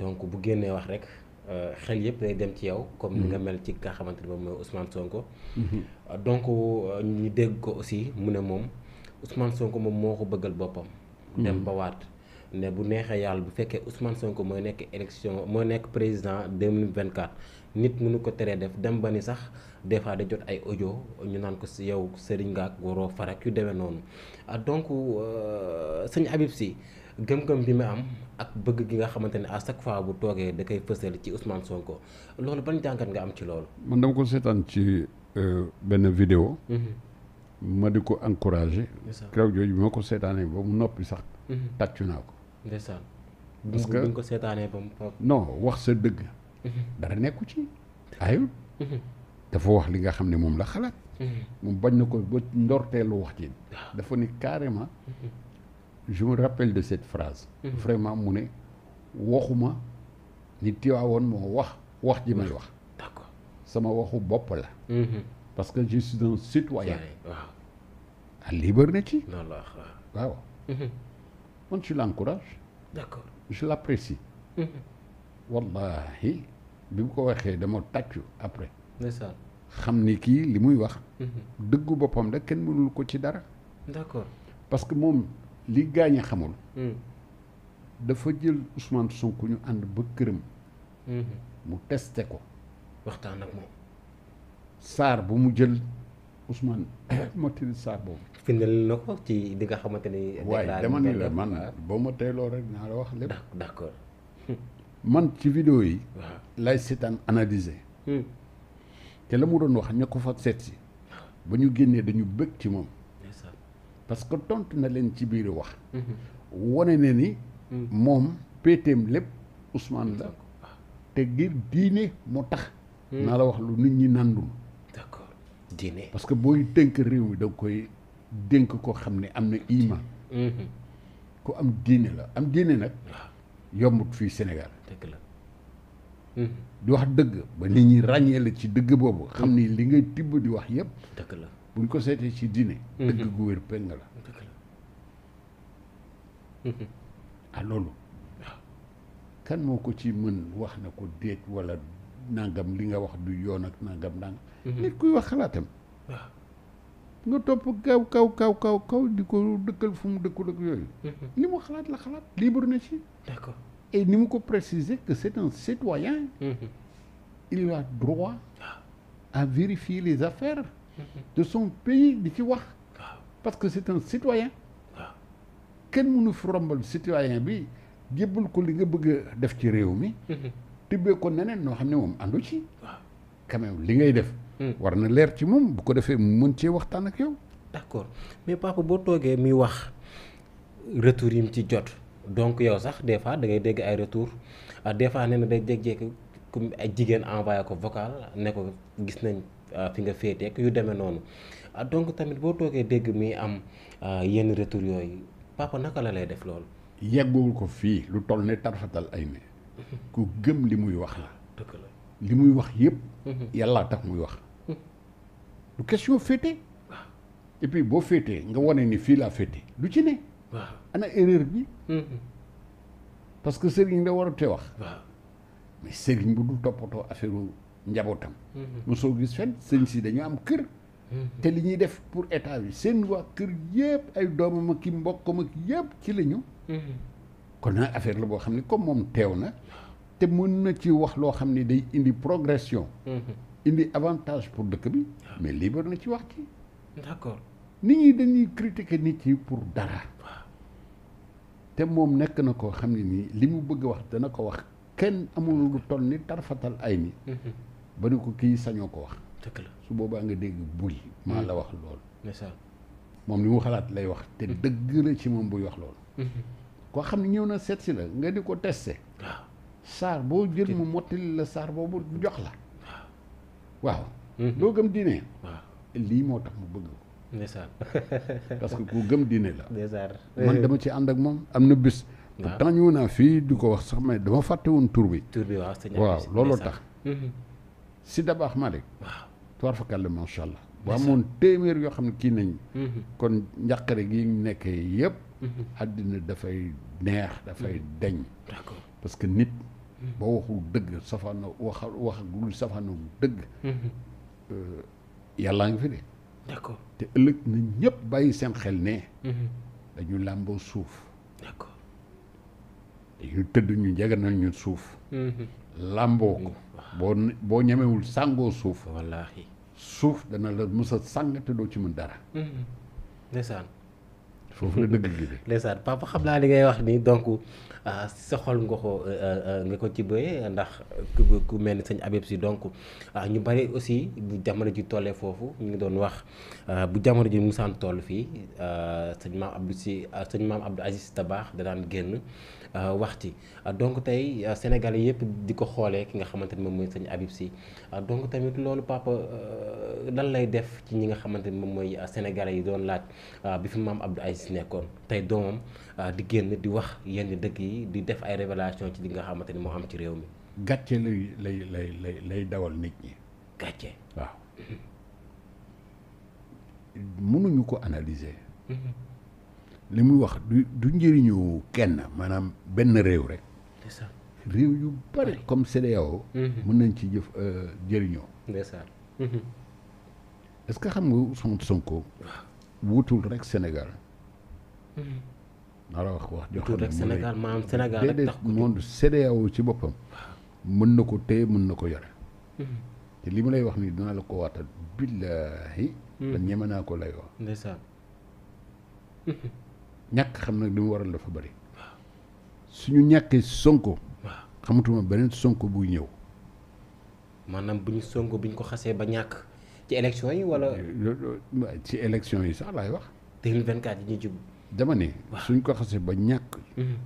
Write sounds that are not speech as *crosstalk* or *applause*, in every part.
donc bu génnee wax rek euh, xel yëpp day dem ci yow. comme ni nga mm-hmm. mel ci nga xamante ne moom mooy Ousmane Sonko. Mm-hmm. Euh, donc euh, ñu dégg ko aussi mu ne moom Ousmane Sonko moom moo ko bëggal boppam. Mm-hmm. dem ba waat ne bu neexee yàlla bu fekkee Ousmane Sonko mooy nekk élection mooy nekk président 2024 nit mu nu ko teree def dem ba ni sax des fois da jot ay ojo ñu naan ko si yow sëriñ nga ak waroo farak yu demee noonu donc sëñ Habib si gëm-gëm bi ma am ak bëgg gi nga xamante ne à chaque fois bu toogee da koy fësal ci Ousmane ko loolu ban jàngat nga am ci loolu. man dama ko seetaan ci euh, benn vidéo mm-hmm. ma di ko encouragé. keroog jooju bi ma ko seetaanee ba mu noppi sax. Mm-hmm. tàccu naa ko. ndeysaan parce que ko seetaanee ba mu non wax sa dëgg. Mm-hmm. dara nekku ci ayul. dafa wax li nga xam ne moom la xalaat. moom bañ na ko ba ndorteelu wax ci dafa ni carrément. je me rappelle de cette phrase. Mhm. vraiment mu ne waxuma ni Tiwaawoon moo wax wax ji may wax. d'accord sama waxu bopp la. Mhm. parce que je suis un citoyen. lii bër na ci. waaw. Mhm. man je l'encourage. d'accord je l'apprécie. wallahi bi mu ko waxee dama tàccu après. ndeysaan xam ni kii li muy wax. dëggu boppam la kenn mënul ko ci dara. d'accord parce que moom. li gaañ a xamul. Hmm. dafa jël Ousmane Sonko ñu ànd ba këram. Hmm. mu testé ko. waxtaan ak moom. saar bu mu jël Ousmane *coughs* motali saar boobu. findal na ci li nga xamante ni. waaye dama ni la man ah. boo ma teeloo rek naa la wax lépp. d'accord *laughs* man ci video yi. lay seetaan analyser. Hmm. te la mu doon wax ña ko fa seet ba ñu génnee dañu bëgg ci moom. parce que tontu na leen ci biir wax. Mhm. wane na ni. Mhm. moom péeteem lépp Ousmane la. te ngir diine moo tax. Mhm. naa la wax lu nit ñi nandul. d'accord parce que booy dénk réew mi da koy dénk koo xam ne am na iman. ku am diine la am diine nag. yombut fii Sénégal. dëgg la. di wax dëgg ba nit ñi ràññee la ci dëgg boobu. xam ni li ngay tibb di wax yëpp. dëgg la. buñ ko seetee ci diine. Mhm. dëgg gu wér peng la. Mhm. ah loolu. Ah. kan moo ko ci mën wax na ko déet walla nangam li nga wax du yoon ak nangam nangam. Mhm. nit kuy wax xalaatam. Ah. nga topp kaw kaw kaw kaw kaw di ko dëkkal fu mu dëkkul ak yooyu. li mu xalaat la xalaat libre na ci. et ni mu ko préciser que c'est un citoyen. il a droit ah. à vérifier les affaires. de son pays di ci wax parce que c'est un citoyen kenn mënu fi rombal citoyen bi jébbal ko li nga bëgg def ci réew mi mm-hmm. tibbee ko neneen noo xam ne moom àndu ci quand même li ngay def mm. war na leer ci moom bu ko defee mu mun cee waxtaan ak yow d'accord mais papa boo toogee muy wax retour yi mu ci jot donc yow sax des fois da ngay dégg ay retour ah, des fois nee na day jékki-jékki ay jigéen envoyé ko vocal ne ko gis nañ Euh, fi nga féeteek yu demee noonu ah, donc tamit boo toogee dégg mi am euh, yenn retour yooyu papa naka la lay def loolu. yeggul ko fii lu toll ne tarfatal ay ne *laughs* ku gëm li muy wax la. li muy wax yëpp. Mm-hmm. yàllaa tax muy wax. lu mm-hmm. question féete. et boo féetee nga wane ni fii laa féete lu ci ne. ana erreur bi. Mm-hmm. parce que sëriñ la war a te wax. mais sëriñ bu du toppatoo affaire njabootam. Mhm. mosoo gis fenn sëñ si dañu am kër. Mhm. te li ñuy def pour état bi seen waa kër yëpp ay doomam ak i mbokkam ak yëpp ci la ñu. Mhm. kon nag affaire la boo xam ne comme moom teew na te mën na ci wax loo xam ne day indi progression. indi avantage pour dëkk bi mais libre na ci wax ci. d'accord nit ñi dañuy critiquer nit yi pour dara. te moom nekk na ko xam ne nii li mu bëgg wax dana ko wax kenn amul lu toll ni tarfatal ay ni ba ne ko kii sañoo ko wax. la su boobaa nga dégg bul maa la wax loolu. Mm. moom li mu xalaat lay wax te mm. dëgg la ci moom buy wax loolu. Mm-hmm. koo xam ne ñëw na seet si la nga di ko testé. waaw saar boo jël mu mottali la saar boobu jox la. waaw. loo mm-hmm. gëm diine. lii moo tax mu bëgg ko. *laughs* que ku gëm diine la. ndeysaan dama ci ànd moom am na bis. waaw pourtant ñëw naa fii di ko wax sax mais dama tur bi. tur bi tax. Mm-hmm. si dabaax Malick waaw tuwaar fa kàll macha allah. bu amoon téeméer yoo xam ne kii nañ mhm. kon njàqare gi nekkee yëpp. Mhm. àddina dafay neex dafay mhm. deñ d'accord que nit. boo waxul dëgg safaana wax waxagul safaana dëgg. Euh, yàllaa ngi fi de. d'accord te ëllëg na ñëpp bàyyi seen xel ne. dañu làmboo suuf. ñu tëdd ñu njeganal ñu suuf. Mhm. làmboo ko. boo boo ñemewul sàngoo suuf. wallaahi suuf dana la mës sàng te doo ci mën dara. Mhm. foofu la dëgg gi de. *laughs* ndeysaan papa xam naa li ngay wax nii donc ah, sa xol nga ko ah, ah, nga ko ci bëyee ndax ku ku mel ni sëñ Habib si donc ñu bari aussi bu jamono ji tollee foofu ñu ngi doon wax bu jamono ji musaan toll fii sëñ maam Abdou sëñ maam Abdou Aziz Tabax da daan génn wax ci donc tey Sénégalais yëpp di ko xoolee ki nga xamante ni moom mooy sëñ Habib si donc tamit loolu papa lan lay def ci ñi nga xamante ni moom mooy Sénégalais yi doon laaj bi fi maam Abdou Aziz si nekkoon tey doomam ah, di génn di wax yenn dëkk yi di def ay révélation ci li nga xamante ni moo am ci réew mi. gàcce lay lay lay lay lay dawal nit ñi. gàcce mm-hmm. ko analyser. Mm-hmm. li muy wax du du njëriñu kenn maanaam benn réew rek. c'est yu comme CEDEAO. Mm-hmm. nañ ci jëf euh, jëriñoo. c'est ça. que xam nga Ousmane Sonko wutul rek Sénégal. dara wax ko wax jox rek Sénégal maanaam Sénégal rek tax ko monde ci boppam mën na ko téye mën na ko yore mm-hmm. te li mu lay wax nii dinaa la ko waatal billaahi mm-hmm. te ñeme naa ko lay wax ndeysaan *laughs* ñàkk xam nag li mu waral dafa bari suñu ñàkkee sonko xamatuma beneen sonko buy ñëw maanaam buñ ñu sonko bu ko xasee ba ñàkk ci élection yi wala ci élection yi sax laay wax 2024 yi ñu jub dama ne. suñ ko xasee ba ñàkk. Mhm.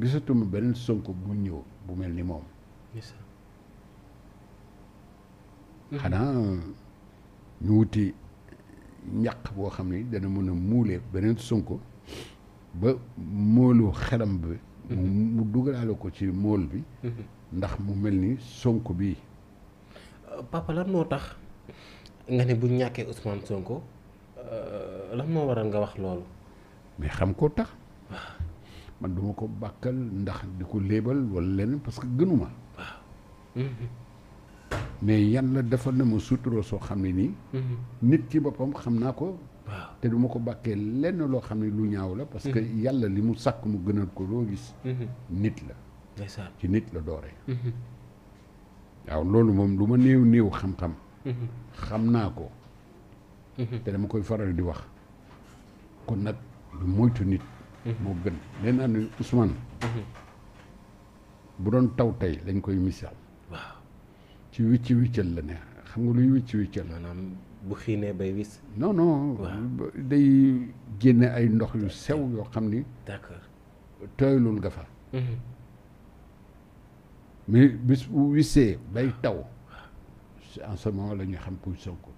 gisatuma beneen Sonko bu ñëw bu mel ni moom. Mhm. xanaa ñu wuti ñàq boo xam ni dana mën a muulee beneen Sonko ba moolu xelam bi. Mhm. mu dugalaale ko ci mool bi. ndax mu mel ni Sonko bii. Euh, papa moo tax nga ne bu ñàkkee Ousmane Sonko euh, lan moo waral nga wax loolu. mais xam ko tax man duma ko bàkkal ndax di ko léebal wala leneen parce que gënuma mais yàlla defal na ma sutura soo xam ne nii nit ci boppam xam naa ko te duma ko bàkkee lenn loo xam ne lu ñaaw la parce que yàlla li mu sàkk mu gënal ko loo gis nit la ci nit la dooree mhm. loolu moom lu ma néew néew xam-xam mhm. naa ko mhm. te koy faral di wax kon nag du moytu nit. Mhm. moo gën nee naa ne Ousmane. Mhm. bu doon taw tey lañ koy misaal. ci wicc wiccal la ne xam nga luy wicc wiccal. maanaam bu xiinee bay wis. non day génne ay ndox yu sew yoo xam ni. d'accord tooyalul nga fa. Mhm. mais bu wisee bay taw. en ce moment la ñu xam kuy Sonko.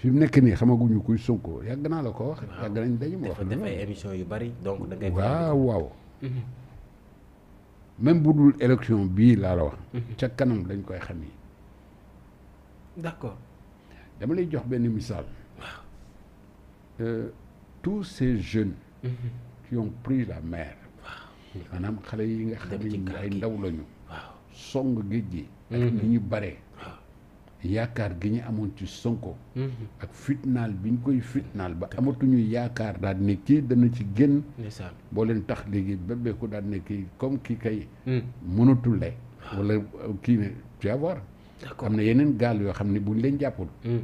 fi mu nekk nii xamaguñu kuy Sonko yàgg naa la ko wax. yàgg nañ dañu ma wax. dafa émission yu bari donc da ngay waaw waaw. même bu dul élection bii laa la wax. Mhm. ca kanam dañ koy xam yi d'accord. dama lay jox benn misaal. waaw. Euh, tous ces jeunes. Mhm. qui ont pris la mer. waaw xale yi nga xam ne ay ndaw lañu. waaw song géej gi. Mhm. ak ni ñu bare. yaakaar gi ñu amoon ci Sonko. Mhm. ak fitnaal bi ñu koy fitnaal ba amatuñu yaakaar daal ne kii dana ci génn. boo leen tax léegi bébéeku daal ne kii comme kii kay. Hmm. mënatule. wala euh, kii ne tu vas voir. am na yeneen gaal yoo xam ne buñ leen jàppul. Hmm.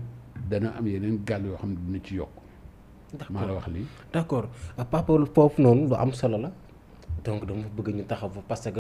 dana am yeneen gaal yoo xam ne dina ci yokk. maa la wax lii. d' accord euh, papa foofu noonu lu am solo la donc dama bëgg ñu taxaw fa parce